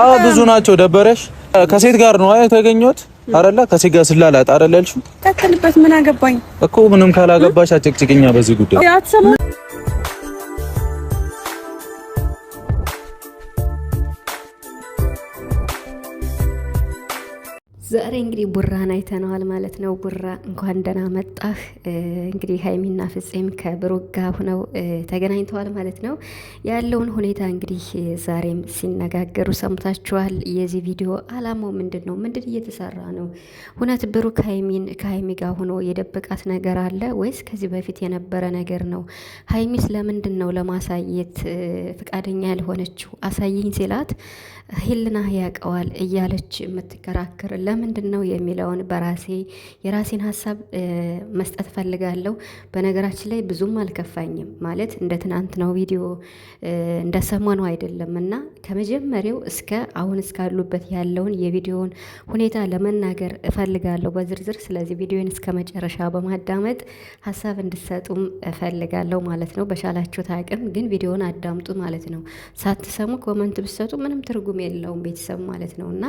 አዎ ብዙ ናቸው። ደበረሽ? ከሴት ጋር ነው የተገኘሁት አረለ ከሴት ጋር ስላላት አረለ ያልሽው? ቀጥልበት። ምን አገባኝ እኮ ምንም ካላገባሽ አጭቅጭቅኛ በዚህ ጉዳይ ዛሬ እንግዲህ ቡራን አይተነዋል ማለት ነው። ቡራ እንኳን ደህና መጣህ። እንግዲህ ሀይሚና ፍጼም ከብሩክ ጋር ሆነው ተገናኝተዋል ማለት ነው። ያለውን ሁኔታ እንግዲህ ዛሬም ሲነጋገሩ ሰምታችኋል። የዚህ ቪዲዮ አላማው ምንድን ነው? ምንድን እየተሰራ ነው? እውነት ብሩክ ሀይሚን ከሀይሚ ጋር ሆኖ የደበቃት ነገር አለ ወይስ ከዚህ በፊት የነበረ ነገር ነው? ሀይሚስ ለምንድን ነው ለማሳየት ፈቃደኛ ያልሆነችው? አሳይኝ ሲላት ህልና ያቀዋል እያለች የምትከራከር ለምንድን ነው የሚለውን በራሴ የራሴን ሀሳብ መስጠት ፈልጋለሁ። በነገራችን ላይ ብዙም አልከፋኝም ማለት እንደ ትናንት ነው ቪዲዮ እንደ ሰሞኑ አይደለም እና ከመጀመሪያው እስከ አሁን እስካሉበት ያለውን የቪዲዮውን ሁኔታ ለመናገር እፈልጋለሁ በዝርዝር። ስለዚህ ቪዲዮን እስከ መጨረሻ በማዳመጥ ሀሳብ እንድሰጡም እፈልጋለሁ ማለት ነው። በቻላችሁት አቅም ግን ቪዲዮን አዳምጡ ማለት ነው። ሳትሰሙ ኮመንት ብሰጡ ምንም ትርጉም የለውም ቤተሰብ ማለት ነው እና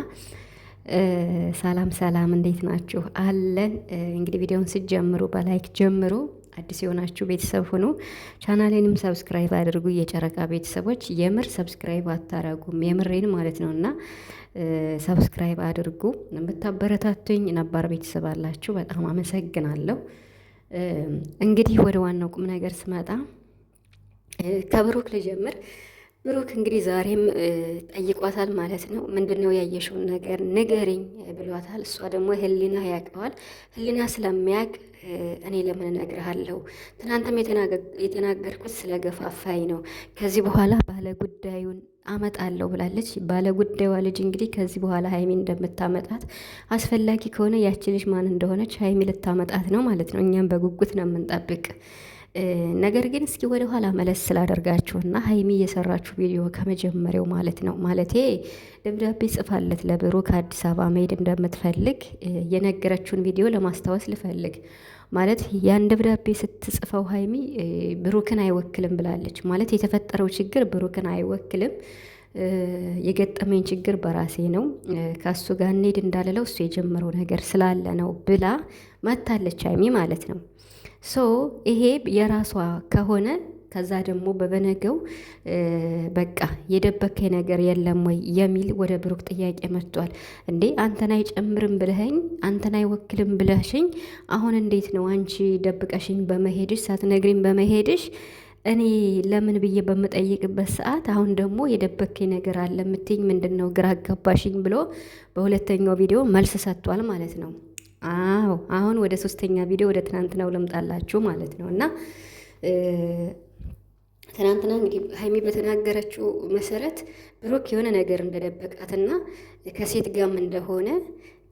ሰላም ሰላም፣ እንዴት ናችሁ? አለን እንግዲህ ቪዲዮውን ስትጀምሩ በላይክ ጀምሩ። አዲስ የሆናችሁ ቤተሰብ ሁኑ። ቻናሌንም ሰብስክራይብ አድርጉ። የጨረቃ ቤተሰቦች የምር ሰብስክራይብ አታረጉም፣ የምሬን ማለት ነው እና ሰብስክራይብ አድርጉ። የምታበረታቱኝ ነባር ቤተሰብ አላችሁ፣ በጣም አመሰግናለሁ። እንግዲህ ወደ ዋናው ቁም ነገር ስመጣ ከብሩክ ልጀምር። ብሩክ እንግዲህ ዛሬም ጠይቋታል ማለት ነው። ምንድን ነው ያየሽውን ነገር ንገሪኝ ብሏታል። እሷ ደግሞ ህሊና ያውቀዋል። ህሊና ስለሚያውቅ እኔ ለምን እነግርሃለሁ? ትናንትም የተናገርኩት ስለገፋፋኝ ነው። ከዚህ በኋላ ባለ ጉዳዩን አመጣለሁ ብላለች። ባለ ጉዳዩዋ ልጅ እንግዲህ ከዚህ በኋላ ሀይሚ እንደምታመጣት አስፈላጊ ከሆነ ያቺ ልጅ ማን እንደሆነች ሀይሚ ልታመጣት ነው ማለት ነው። እኛም በጉጉት ነው የምንጠብቅ ነገር ግን እስኪ ወደ ኋላ መለስ እና ሀይሚ እየሰራችሁ ቪዲዮ ከመጀመሪያው ማለት ነው ማለቴ ደብዳቤ ጽፋለት ለብሩ ከአዲስ አበባ መሄድ እንደምትፈልግ የነገረችውን ቪዲዮ ለማስታወስ ልፈልግ ማለት ያን ደብዳቤ ስትጽፈው ሀይሚ ብሩክን አይወክልም ብላለች። ማለት የተፈጠረው ችግር ብሩክን አይወክልም፣ የገጠመኝ ችግር በራሴ ነው፣ ከሱ ጋር እንሂድ እንዳለለው እሱ የጀመረው ነገር ስላለ ነው ብላ መታለች ሀይሚ ማለት ነው። ሶ ይሄ የራሷ ከሆነ ከዛ ደግሞ በበነገው በቃ የደበከኝ ነገር የለም ወይ የሚል ወደ ብሩክ ጥያቄ መጥቷል። እንዴ አንተን አይጨምርም ብለኸኝ አንተን አይወክልም ብለሽኝ አሁን እንዴት ነው አንቺ ደብቀሽኝ በመሄድሽ ሳትነግሪኝ በመሄድሽ እኔ ለምን ብዬ በምጠይቅበት ሰዓት አሁን ደግሞ የደበከኝ ነገር አለ የምትይኝ ምንድን ነው? ግራ አጋባሽኝ ብሎ በሁለተኛው ቪዲዮ መልስ ሰጥቷል ማለት ነው። አዎ አሁን ወደ ሶስተኛ ቪዲዮ ወደ ትናንትናው ልምጣላችሁ ማለት ነው። እና ትናንትና እንግዲህ ሀይሚ በተናገረችው መሰረት ብሩክ የሆነ ነገር እንደደበቃትና ከሴት ጋም እንደሆነ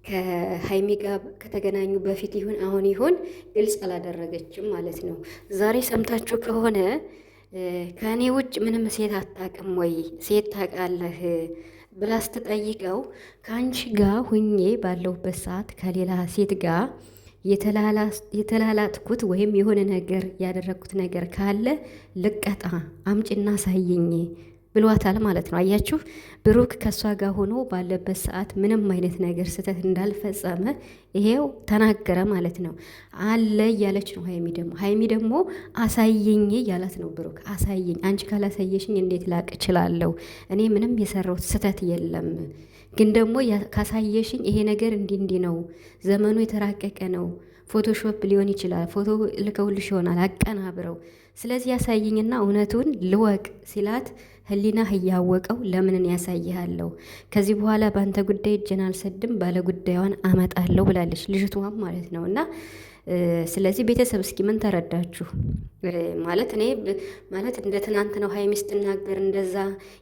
ከሀይሚ ጋር ከተገናኙ በፊት ይሁን አሁን ይሁን ግልጽ አላደረገችም ማለት ነው። ዛሬ ሰምታችሁ ከሆነ ከእኔ ውጭ ምንም ሴት አታውቅም ወይ? ሴት ታውቃለህ ብላ ስትጠይቀው ከአንቺ ጋር ሁኜ ባለሁበት ሰዓት ከሌላ ሴት ጋር የተላላትኩት ወይም የሆነ ነገር ያደረግኩት ነገር ካለ ልቀጣ አምጭና ሳየኝ ብሏታል ማለት ነው። አያችሁ ብሩክ ከእሷ ጋር ሆኖ ባለበት ሰዓት ምንም አይነት ነገር ስህተት እንዳልፈጸመ ይሄው ተናገረ ማለት ነው። አለ እያለች ነው ሀይሚ ደግሞ ሀይሚ ደግሞ አሳየኝ እያላት ነው ብሩክ። አሳየኝ አንቺ ካላሳየሽኝ እንዴት ላቅ እችላለሁ? እኔ ምንም የሰራሁት ስህተት የለም። ግን ደግሞ ካሳየሽኝ ይሄ ነገር እንዲህ እንዲህ ነው፣ ዘመኑ የተራቀቀ ነው ፎቶሾፕ ሊሆን ይችላል። ፎቶ ልከውልሽ ይሆናል አቀናብረው። ስለዚህ ያሳይኝና እውነቱን ልወቅ ሲላት ህሊናህ እያወቀው ለምንን ያሳይሃለሁ? ከዚህ በኋላ በአንተ ጉዳይ እጄን አልሰድም፣ ባለ ጉዳዩን አመጣለሁ ብላለች ልጅቷም ማለት ነው እና ስለዚህ ቤተሰብ እስኪ ምን ተረዳችሁ? ማለት እኔ ማለት እንደ ትናንት ነው ሀይሚ ስትናገር እንደዛ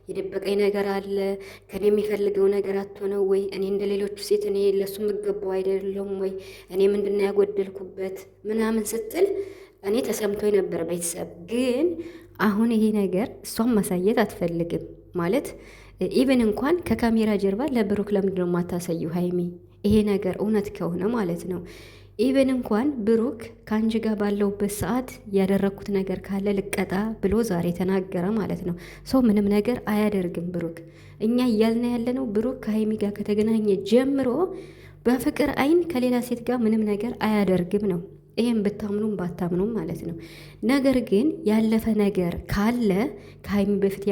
የደበቀኝ ነገር አለ ከኔ የሚፈልገው ነገር አቶ ነው ወይ እኔ እንደ ሌሎቹ ሴት እኔ ለሱ የምገባው አይደለም ወይ እኔ ምንድን ነው ያጎደልኩበት ምናምን ስትል እኔ ተሰምቶ የነበረ ቤተሰብ ግን አሁን ይሄ ነገር እሷን ማሳየት አትፈልግም ማለት ኢቨን እንኳን ከካሜራ ጀርባ ለብሩክ ለምንድነው ነው የማታሳዩ ሀይሚ? ይሄ ነገር እውነት ከሆነ ማለት ነው። ኢቨን እንኳን ብሩክ ከአንቺ ጋር ባለውበት ሰዓት ያደረግኩት ነገር ካለ ልቀጣ ብሎ ዛሬ ተናገረ ማለት ነው። ሰው ምንም ነገር አያደርግም ብሩክ። እኛ እያልን ያለነው ብሩክ ከሀይሚ ጋር ከተገናኘ ጀምሮ በፍቅር አይን ከሌላ ሴት ጋር ምንም ነገር አያደርግም ነው። ይሄን ብታምኑም ባታምኑም ማለት ነው። ነገር ግን ያለፈ ነገር ካለ ከሀይሚ በፊት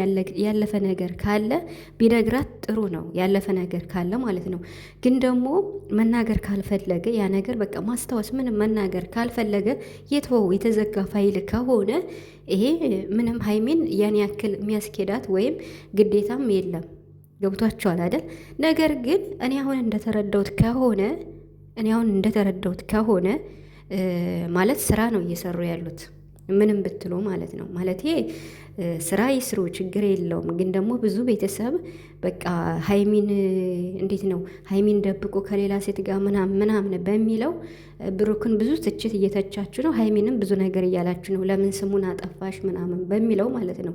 ያለፈ ነገር ካለ ቢነግራት ጥሩ ነው። ያለፈ ነገር ካለ ማለት ነው። ግን ደግሞ መናገር ካልፈለገ ያ ነገር በቃ ማስታወስ ምንም መናገር ካልፈለገ የትወው የተዘጋ ፋይል ከሆነ ይሄ ምንም ሀይሚን ያን ያክል የሚያስኬዳት ወይም ግዴታም የለም። ገብቷቸዋል አይደል? ነገር ግን እኔ አሁን እንደተረዳሁት ከሆነ እኔ አሁን እንደተረዳሁት ከሆነ ማለት ስራ ነው እየሰሩ ያሉት ምንም ብትሉ ማለት ነው ማለት ስራ ይስሩ፣ ችግር የለውም። ግን ደግሞ ብዙ ቤተሰብ በቃ ሀይሚን እንዴት ነው ሀይሚን ደብቆ ከሌላ ሴት ጋር ምናምን ምናምን በሚለው ብሩክን ብዙ ትችት እየተቻችሁ ነው። ሀይሚንም ብዙ ነገር እያላችሁ ነው። ለምን ስሙን አጠፋሽ ምናምን በሚለው ማለት ነው።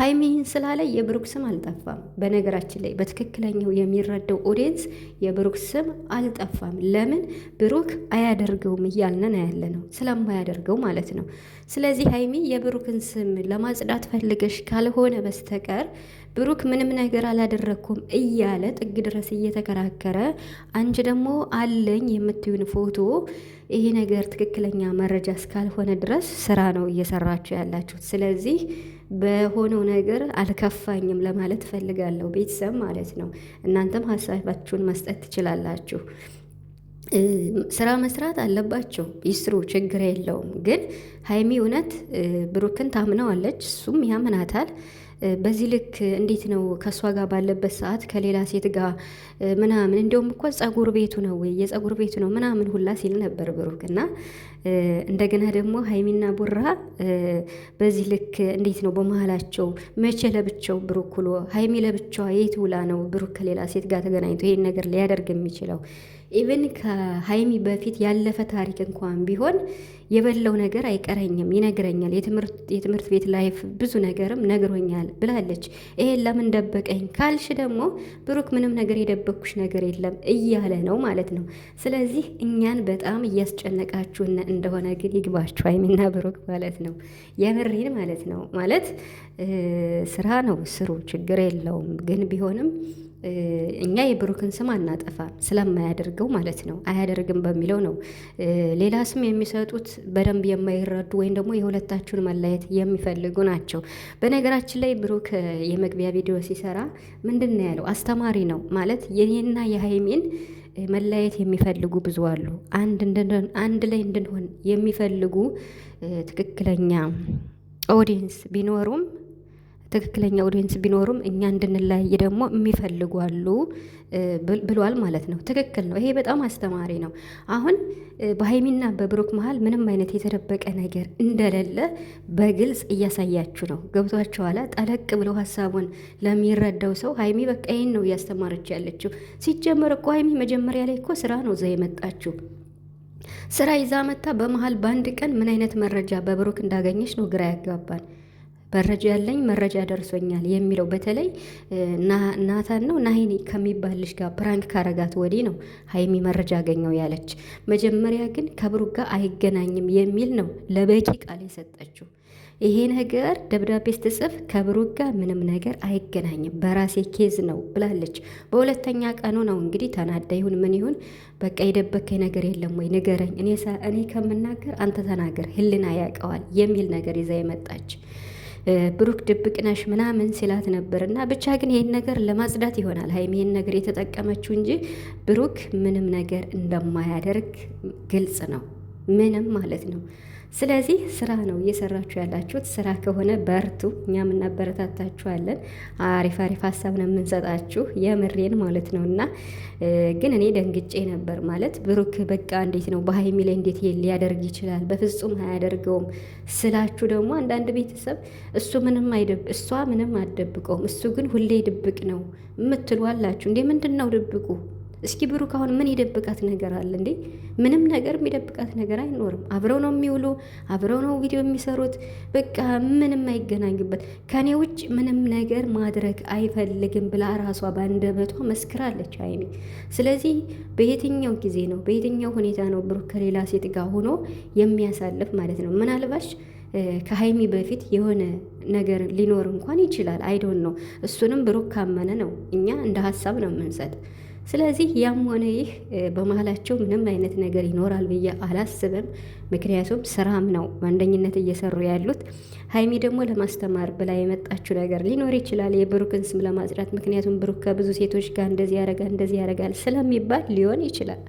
ሀይሚን ስላለ የብሩክ ስም አልጠፋም። በነገራችን ላይ በትክክለኛው የሚረዳው ኦዲየንስ የብሩክ ስም አልጠፋም። ለምን ብሩክ አያደርገውም እያልነን ያለ ነው፣ ስለማያደርገው ማለት ነው። ስለዚህ ሀይሚ የብሩክን ስም ለማጽዳት ፈልገሽ ካልሆነ በስተቀር ብሩክ ምንም ነገር አላደረግኩም እያለ ጥግ ድረስ እየተከራከረ፣ አንቺ ደግሞ አለኝ የምትዩን ፎቶ ይሄ ነገር ትክክለኛ መረጃ እስካልሆነ ድረስ ስራ ነው እየሰራችሁ ያላችሁት። ስለዚህ በሆነው ነገር አልከፋኝም ለማለት ፈልጋለሁ፣ ቤተሰብ ማለት ነው። እናንተም ሀሳባችሁን መስጠት ትችላላችሁ። ስራ መስራት አለባቸው፣ ይስሩ፣ ችግር የለውም። ግን ሀይሚ እውነት ብሩክን ታምነዋለች፣ እሱም ያምናታል። በዚህ ልክ እንዴት ነው ከእሷ ጋር ባለበት ሰዓት ከሌላ ሴት ጋር ምናምን፣ እንዲሁም እኮ ጸጉር ቤቱ ነው ወይ የጸጉር ቤቱ ነው ምናምን ሁላ ሲል ነበር ብሩክ እና እንደገና ደግሞ ሀይሚና ቡራ በዚህ ልክ እንዴት ነው በመሀላቸው መቼ ለብቻው ብሩክ ውሎ ሀይሚ ለብቻዋ የት ውላ ነው ብሩክ ከሌላ ሴት ጋር ተገናኝቶ ይሄን ነገር ሊያደርግ የሚችለው? ኢቨን ከሀይሚ በፊት ያለፈ ታሪክ እንኳን ቢሆን የበላው ነገር አይቀረኝም ይነግረኛል፣ የትምህርት ቤት ላይፍ ብዙ ነገርም ነግሮኛል ብላለች። ይሄን ለምን ደበቀኝ ካልሽ ደግሞ ብሩክ ምንም ነገር የደበኩሽ ነገር የለም እያለ ነው ማለት ነው። ስለዚህ እኛን በጣም እያስጨነቃችሁን እንደሆነ ግን ይግባችሁ፣ ሀይሚና ብሩክ ማለት ነው። የምሬን ማለት ነው። ማለት ስራ ነው ስሩ፣ ችግር የለውም ግን ቢሆንም እኛ የብሩክን ስም አናጠፋም ስለማያደርገው ማለት ነው። አያደርግም በሚለው ነው። ሌላ ስም የሚሰጡት በደንብ የማይረዱ ወይም ደግሞ የሁለታችሁን መለየት የሚፈልጉ ናቸው። በነገራችን ላይ ብሩክ የመግቢያ ቪዲዮ ሲሰራ ምንድን ነው ያለው? አስተማሪ ነው ማለት የኔና የሀይሚን መለያየት የሚፈልጉ ብዙ አሉ። አንድ ላይ እንድንሆን የሚፈልጉ ትክክለኛ ኦዲየንስ ቢኖሩም ትክክለኛ ኦዲየንስ ቢኖሩም እኛ እንድንለያይ ደግሞ የሚፈልጉ አሉ ብሏል ማለት ነው። ትክክል ነው። ይሄ በጣም አስተማሪ ነው። አሁን በሀይሚና በብሩክ መሀል ምንም አይነት የተደበቀ ነገር እንደሌለ በግልጽ እያሳያችሁ ነው። ገብቷችሁ ኋላ ጠለቅ ብለው ሀሳቡን ለሚረዳው ሰው ሀይሚ በቃ ይህን ነው እያስተማረች ያለችው። ሲጀመር እኮ ሀይሚ መጀመሪያ ላይ እኮ ስራ ነው እዛ የመጣችው ስራ ይዛ መታ። በመሀል በአንድ ቀን ምን አይነት መረጃ በብሩክ እንዳገኘች ነው ግራ ያጋባል። መረጃ ያለኝ መረጃ ደርሶኛል የሚለው በተለይ ናታን ነው ናሂኒ ከሚባል ልጅ ጋር ፕራንክ ካረጋት ወዲህ ነው ሀይሚ መረጃ አገኘው ያለች። መጀመሪያ ግን ከብሩክ ጋር አይገናኝም የሚል ነው ለበቂ ቃል የሰጠችው። ይሄ ነገር ደብዳቤ ስትጽፍ ከብሩክ ጋር ምንም ነገር አይገናኝም በራሴ ኬዝ ነው ብላለች። በሁለተኛ ቀኑ ነው እንግዲህ ተናዳ ይሁን ምን ይሁን በቃ የደበከኝ ነገር የለም ወይ ንገረኝ፣ እኔ ከምናገር አንተ ተናገር፣ ህልና ያውቀዋል የሚል ነገር ይዛ የመጣች ብሩክ ድብቅ ነሽ ምናምን ሲላት ነበር እና ብቻ ግን ይሄን ነገር ለማጽዳት ይሆናል ሀይሚ ይሄን ነገር የተጠቀመችው እንጂ ብሩክ ምንም ነገር እንደማያደርግ ግልጽ ነው። ምንም ማለት ነው። ስለዚህ ስራ ነው እየሰራችሁ ያላችሁት። ስራ ከሆነ በርቱ፣ እኛም እናበረታታችኋለን። አሪፍ አሪፍ ሀሳብ ነው የምንሰጣችሁ፣ የምሬን ማለት ነው። እና ግን እኔ ደንግጬ ነበር ማለት ብሩክ በቃ እንዴት ነው በሀይሚ ላይ እንዴት ሊያደርግ ይችላል? በፍጹም አያደርገውም ስላችሁ ደግሞ አንዳንድ ቤተሰብ እሱ ምንም አይደብ እሷ ምንም አትደብቀውም፣ እሱ ግን ሁሌ ድብቅ ነው የምትሉ አላችሁ። እንዴ ምንድን ነው ድብቁ? እስኪ ብሩክ አሁን ምን የደብቃት ነገር አለ እንዴ? ምንም ነገር የሚደብቃት ነገር አይኖርም። አብረው ነው የሚውሉ፣ አብረው ነው ቪዲዮ የሚሰሩት። በቃ ምንም አይገናኙበት። ከኔ ውጭ ምንም ነገር ማድረግ አይፈልግም ብላ ራሷ በአንደበቷ መስክራለች አይኔ። ስለዚህ በየትኛው ጊዜ ነው በየትኛው ሁኔታ ነው ብሩክ ከሌላ ሴት ጋር ሆኖ የሚያሳልፍ ማለት ነው? ምናልባሽ ከሀይሚ በፊት የሆነ ነገር ሊኖር እንኳን ይችላል። አይዶን ነው። እሱንም ብሩክ ካመነ ነው። እኛ እንደ ሀሳብ ነው የምንሰጥ ስለዚህ ያም ሆነ ይህ በመሀላቸው ምንም አይነት ነገር ይኖራል ብዬ አላስብም። ምክንያቱም ስራም ነው በአንደኝነት እየሰሩ ያሉት። ሀይሚ ደግሞ ለማስተማር ብላ የመጣችው ነገር ሊኖር ይችላል፣ የብሩክን ስም ለማጽዳት። ምክንያቱም ብሩክ ከብዙ ሴቶች ጋር እንደዚህ ያረጋል እንደዚህ ያረጋል ስለሚባል ሊሆን ይችላል።